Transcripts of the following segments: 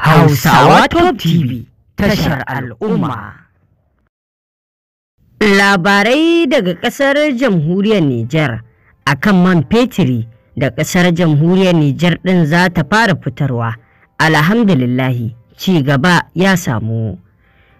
Hausawa Top TV tashar al'umma. Labarai daga ƙasar jamhuriyar Nijar a kan man fetiri da ƙasar jamhuriyar Nijar ɗin za ta fara fitarwa. Alhamdulillahi ci gaba ya samu.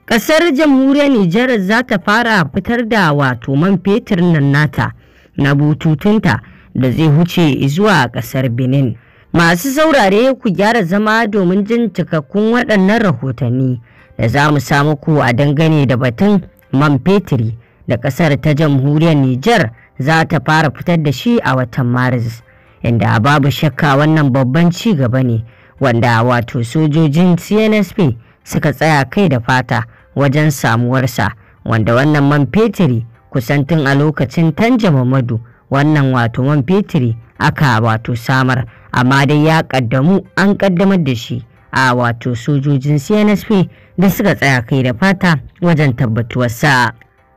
Ƙasar jamhuriyar Nijar za ta fara fitar da wato man fetir nan nata na bututunta da zai huce zuwa ƙasar Benin. Masu saurare ku gyara zama domin jin cikakkun waɗannan rahotanni da za mu samu ku a dangane da batun man fetiri da ƙasar ta jamhuriyar Nijar za ta fara fitar da shi a watan Maris. Inda babu shakka wannan babban ci gaba ne wanda wato sojojin CNSP suka tsaya kai da fata wajen samuwarsa wanda wannan man fetiri kusantin a lokacin Tanja Mamadu wannan wato man fetiri aka wato samar. amma dai ya kaddamu an kaddamar da shi a wato sojojin CNSP da suka tsaya kai da fata wajen tabbatuwarsa.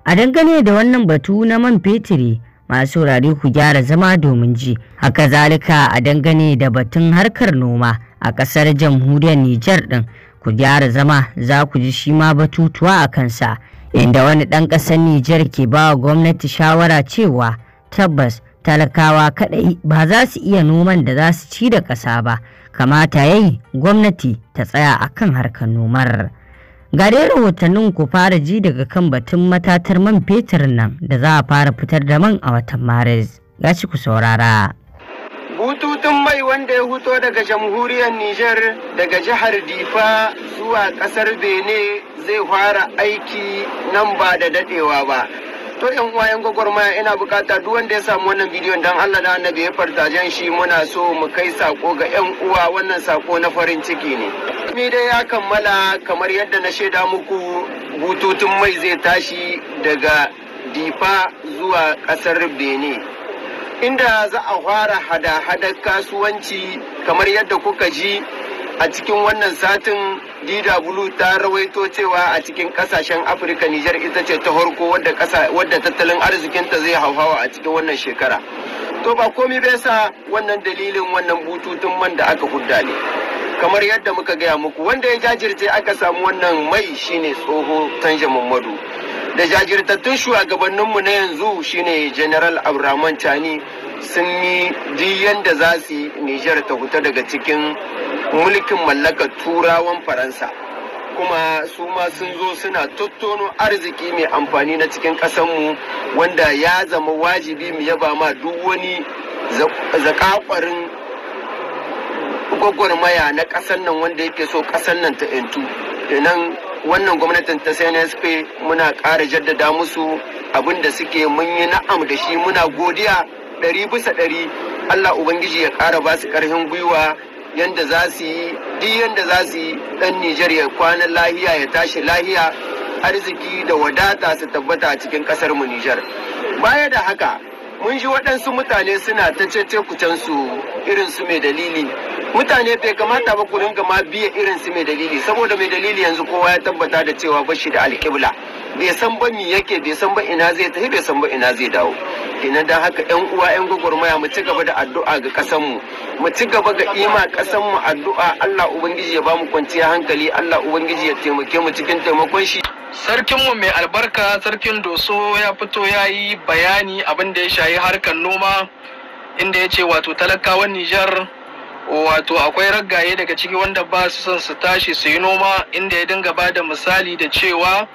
A dangane da wannan batu na man fetiri masu wurare ku gyara zama domin ji, haka zalika a dangane da batun harkar noma a ƙasar jamhuriyar Nijar ɗin ku gyara zama za ku ji shi ma batutuwa a kansa, inda wani ɗan ƙasar Nijar ke ba wa gwamnati shawara cewa tabbas talakawa kaɗai ba za su iya noman da za su ci da ƙasa ba kamata ya yi gwamnati ta tsaya a kan harkar nomar ga rahotannin ku fara ji daga kan batun matatar man fetur nan da za a fara fitar da man a watan maris shi ku saurara bututun mai wanda ya huto daga jamhuriyar Nijar daga jihar Difa zuwa kasar Bene zai fara aiki nan ba da dadewa ba. to yan 'yan gwagwarmaya ina bukata duk wanda ya samu wannan bidiyon dan Allah da annabi ya jan shi muna so mu kai sako ga yan uwa wannan sako na farin ciki ne ni dai ya kammala kamar yadda na shaida muku bututun mai zai tashi daga difa zuwa kasar benin inda za a fara hada-hadar kasuwanci kamar yadda kuka ji a cikin wannan satin DW ta rawaito cewa a cikin kasashen Afirka Nijar ita ce ta harko wadda tattalin arzikinta zai hauhawa a cikin wannan shekara. To ba komi bai sa wannan dalilin wannan bututun man da aka hudda ne. Kamar yadda muka gaya muku wanda ya jajirce aka samu wannan mai shine tsoho Tanja Muhammadu. Da jajirtattun shugabanninmu na yanzu shine General Abdurrahman Tani sun yi diyan za su yi Nijar ta huta daga cikin mulkin mallakar turawan faransa kuma su ma sun zo suna tattono arziki mai amfani na cikin ƙasanmu wanda ya zama wajibi mu yaba ma duk wani zakakwarin gwagwarmaya na ƙasar nan wanda yake so ƙasar nan ta yantu nan wannan gwamnatin ta cnsp muna ƙara jaddada musu abinda suke mun yi na'am da shi muna godiya ɗari bisa ɗari allah ubangiji ya ƙara ba su ƙarfin gwiwa yanda za su yi duk yanda za su yi ɗan Nijar ya kwana lahiya ya tashi lahiya arziki da wadata su tabbata a cikin kasar mu Nijar baya da haka mun ji waɗansu mutane suna ta cece su irin su mai dalili mutane bai kamata ba ku dinga ma biya irin su mai dalili saboda mai dalili yanzu kowa ya tabbata da cewa bashi da alƙibla bai san ba mi yake bai san ba ina zai tafi bai san ba ina zai dawo kenan don haka yan uwa yan gwagwarmaya mu ci gaba da addu'a ga kasanmu mu ci gaba ga ima kasanmu addu'a Allah ubangiji ya ba mu kwanciya hankali Allah ubangiji ya taimake mu cikin taimakon shi Sarkin mu mai albarka sarkin doso ya fito ya yi bayani abin da ya shayi harkar noma inda ya ce wato talakawan nijar wato akwai raggaye daga ciki wanda ba su son su tashi su yi noma inda ya dinga ba da misali da cewa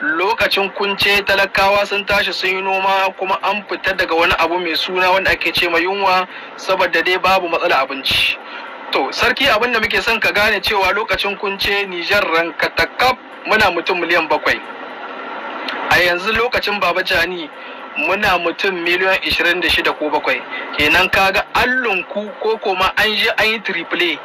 lokacin kunce talakawa sun tashi sun yi noma kuma an fita daga wani abu mai suna wanda ake ce ma yunwa saboda dai babu matsala abinci to sarki abin da muke son ka gane cewa lokacin kunce nijar ranka takaf muna mutum miliyan bakwai a yanzu lokacin baba jani muna mutum miliyan shida ko bakwai kenan kaga allunku ko kuma an je an yi triple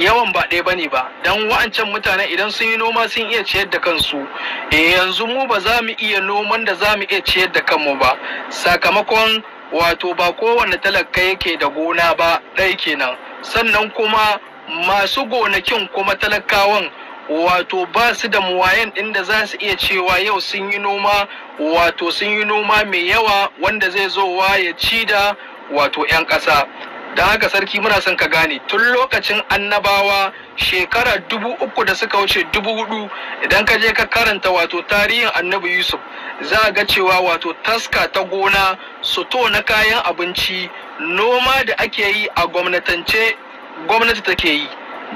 yawan ba ɗaya bane ba don wa'ancan mutane idan sun yi noma sun iya ciyar da kansu eh, yanzu mu ba za mu iya noman da za mu iya ciyar da kanmu ba sakamakon wato ba kowane talaka yake da gona ba ɗaya kenan sannan kuma masu gonakin kuma talakawan wato ba su da muwayen ɗin da za su iya cewa yau sun yi noma wato sun yi noma mai yawa wanda zai zo wa ya ci da wato 'yan ƙasa da haka sarki muna son ka gane tun lokacin annabawa shekara dubu uku da suka wuce dubu hudu idan ka je ka karanta wato tarihin annabi yusuf za a ga cewa wato taska ta gona suto na kayan abinci noma da ake yi a gwamnatance gwamnati take yi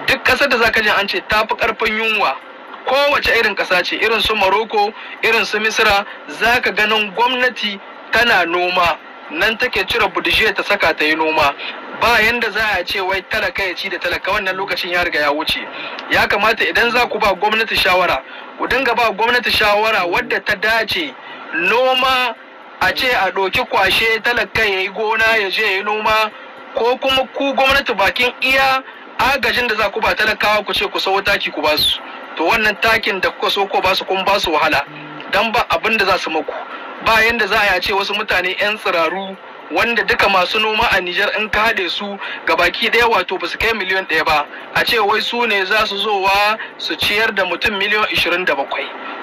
duk ƙasar da zaka je an ce ta fi karfin yunwa kowace irin ƙasa ce irin su maroko irin su misira zaka ganin gwamnati tana noma nan take cire budje ta saka ta yi noma ba yanda za a ce wai talaka ya ci da talaka wannan lokacin ya riga ya wuce ya kamata idan za ku ba gwamnati shawara ku dinga ba gwamnati shawara wadda ta dace noma a ce a ɗoki kwashe talaka ya yi gona ya je ya noma ko kuma ku gwamnati bakin iya agajin da za ku ba talakawa ku ce ku sau taki ku basu to wannan takin da kuka so ko basu kun basu wahala dan ba abin da za su maku ba yanda za a ce wasu mutane 'yan tsiraru wanda duka masu noma a Nijar in ka haɗe su ga baki ɗaya wato ba su kai miliyan ɗaya ba a ce wai su ne za su zowa su ciyar da mutum miliyan 27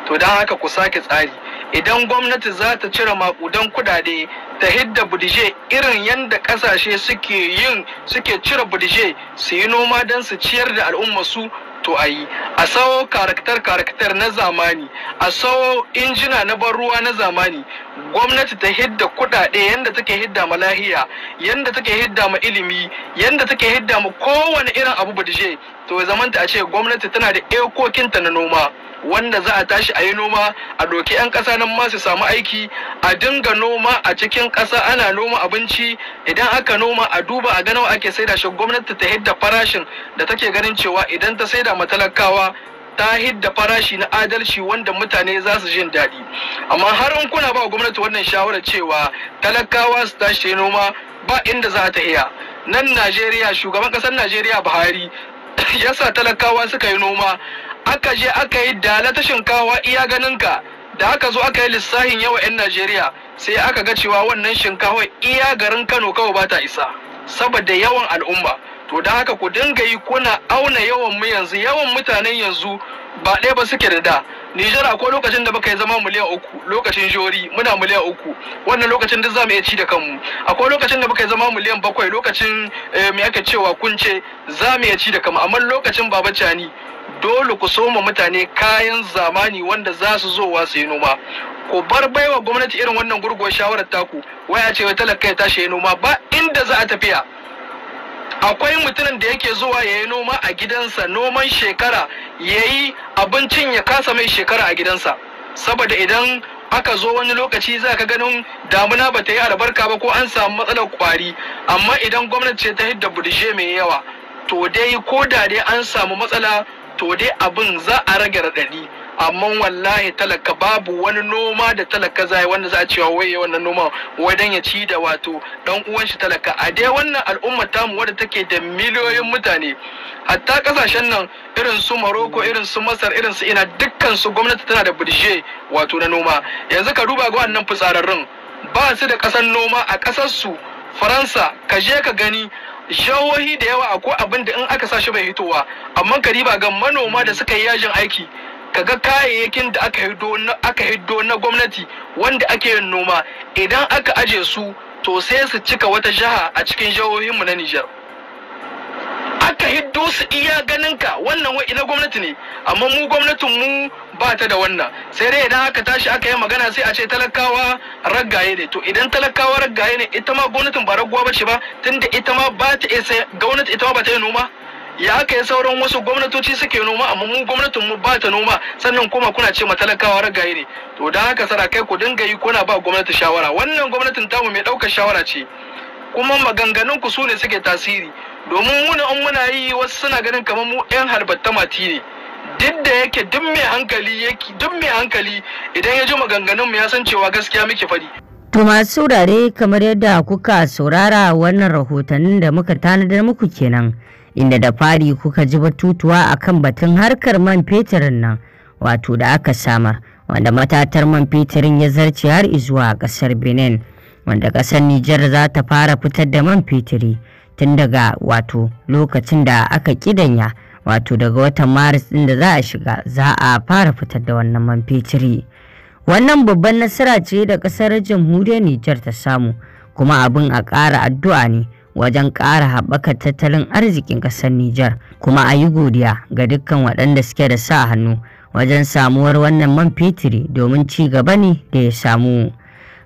to don haka ku sake tsari idan gwamnati za ta cire maƙudan kudade ta hidda budije irin yadda ƙasashe suke yin suke cire budije su yi noma don su ciyar da su. to a yi a sawo karakter-karakter na zamani a sawo injina na ban ruwa na zamani gwamnati ta hidda kudade yadda take hidda ma lahiya yadda take hidda ma ilimi yadda take hidda ma kowane irin abu budje to ya zamanta a ce gwamnati tana da ekokinta na noma wanda za a tashi a yi noma a doki 'yan ƙasa nan ma su samu aiki a dinga noma a cikin ƙasa ana noma abinci idan aka noma a duba a ganawa ake saida shi gwamnati ta hidda farashin da take ganin cewa idan ta saida matalakawa ta hidda farashi na adalci wanda mutane za su jin daɗi amma har in kuna ba gwamnati wannan shawarar cewa talakawa su tashi noma ba inda za ta iya nan najeriya shugaban ƙasar najeriya buhari yasa talakawa suka yi noma aka je aka yi dala ta shinkawa iya ganinka da aka zo aka yi lissahin yawa 'yan Najeriya sai aka ga cewa wannan shinkawa iya garin Kano kawai ba ta isa saboda yawan al'umma to da haka ku dinga yi kuna auna yawan mu yanzu yawan mutanen yanzu ba ɗaya ba suke da da Nijar akwai lokacin da muka yi zama miliyan uku lokacin jori muna miliyan uku wannan lokacin duk zamu iya ci da kanmu akwai lokacin da muka yi zama miliyan bakwai lokacin eh, me ake cewa kunce zamu iya ci da kanmu amma lokacin baba cani dole ku soma mutane kayan zamani wanda za su zo wa su yi noma ku bar baiwa gwamnati irin wannan gurguwar shawarar taku waya ce wai talaka ya tashi noma ba inda za a tafiya akwai mutumin da yake zuwa ya yi noma a gidansa noman shekara ya yi abincin ya kasa mai shekara a gidansa saboda idan aka zo wani lokaci za ka ganin damuna ba ta yi albarka ba ko an samu matsalar kwari amma idan gwamnati ce ta hidda budishe mai yawa to dai ko da dai an samu matsala to dai abin za a rage raɗaɗi amma wallahi talaka babu wani noma da talaka zai wanda za a cewa waye wannan noma wadan ya ci da wato dan uwan shi talaka a dai wannan al'umma ta mu wadda take da miliyoyin mutane hatta kasashen nan irin su Maroko, irin su Masar irin su ina dukkan su gwamnati tana da budje wato na noma yanzu ka duba ga wannan fitsararrun ba su da kasan noma a kasar su Faransa ka je ka gani shawohi da yawa ko abin da in aka sashi shi bai hitowa amma ba ga manoma da suka yi yajin aiki kaga kayayyakin da aka hiddo na aka hiddo na gwamnati wanda ake yin noma idan aka aje su to sai su cika wata jaha a cikin jihohinmu na Nijar. aka hiddo su iya ganin ka wannan wai na gwamnati ne amma mu gwamnatin mu ba ta da wannan sai dai idan aka tashi aka yi magana sai a ce talakawa raggaye ne to idan talakawa raggaye ne ita ma gwamnatin ba ragguwa bace ba tunda ita ma ba ta isa gwamnati ita ma ba ta yi noma ya aka yi sauran wasu gwamnatoci suke noma amma mu gwamnatin mu ba ta noma sannan kuma kuna ce ma talakawa ragaye ne to dan haka sara kai ku dinga yi kuna ba gwamnati shawara wannan gwamnatin tamu mai ɗaukar shawara ce kuma maganganun ku su ne suke tasiri domin muna in muna yi wasu suna ganin kamar mu yan halbatta mati ne duk da yake duk mai hankali yake duk mai hankali idan ya ji maganganun mu ya san cewa gaskiya muke fadi to masu saurare kamar yadda kuka saurara wannan rahotannin da muka tanadar muku kenan inda da fari kuka ji batutuwa akan batun harkar man fetirin nan wato da aka samar wanda matatar man fetirin ya zarce har izuwa kasar benin wanda kasar nijar za ta fara fitar da man fetiri tun daga wato lokacin da aka kidanya wato daga watan maris din da za a shiga za a fara fitar da wannan man fetiri wannan babban nasara ce da kasar jamhuriyar nijar ta samu kuma abin a ƙara addu'a ne wajen ƙara haɓaka tattalin arzikin ƙasar nijar kuma a yi godiya ga dukkan waɗanda suke da sa hannu wajen samuwar wannan man fetiri domin ci gaba ne da ya samu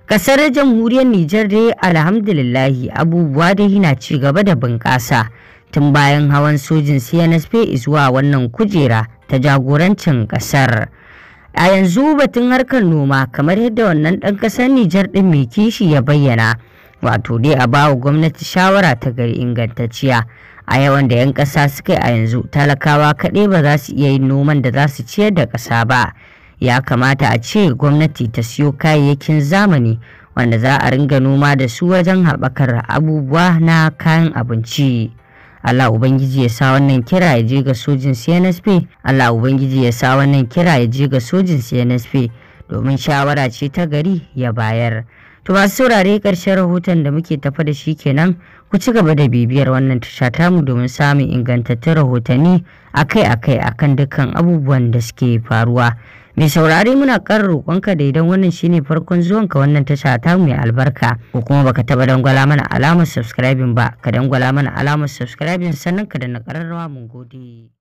Kasar jamhuriyar Nijar dai alhamdulillahi abubuwa dai yana ci gaba da bunƙasa tun bayan hawan sojin CNSP zuwa wannan kujera ta jagorancin kasar. A yanzu batun harkar noma kamar yadda wannan ɗan ƙasar Nijar ɗin mai kishi ya bayyana wato dai a bawa gwamnati shawara ta gari ingantacciya a yawan da 'yan ƙasa suka yi a yanzu talakawa kaɗai ba za su iya yin noman da za su ciyar da ƙasa ba. ya kamata a ce gwamnati ta siyo kayayyakin zamani wanda za a ringa noma da su wajen haɓakar abubuwa na kayan abinci. Allah Ubangiji ya sa wannan kira ya je ga sojin CNSP. Allah Ubangiji ya sa wannan kira ya je ga sojin CNSP domin shawara ce ta gari ya bayar. To masu saurare ƙarshen rahoton da muke tafa da shi kenan ku ci gaba da bibiyar wannan tasha tamu domin samun ingantattun rahotanni akai-akai akan dukkan abubuwan da suke faruwa. Mai saurari muna kan roƙonka da idan wannan shine farkon zuwanka wannan tasha ta mai albarka ko kuma baka taba dangwala mana alamar subscribing ba ka dangwala mana alamar subscribing sannan ka da na ƙararrawa mun gode.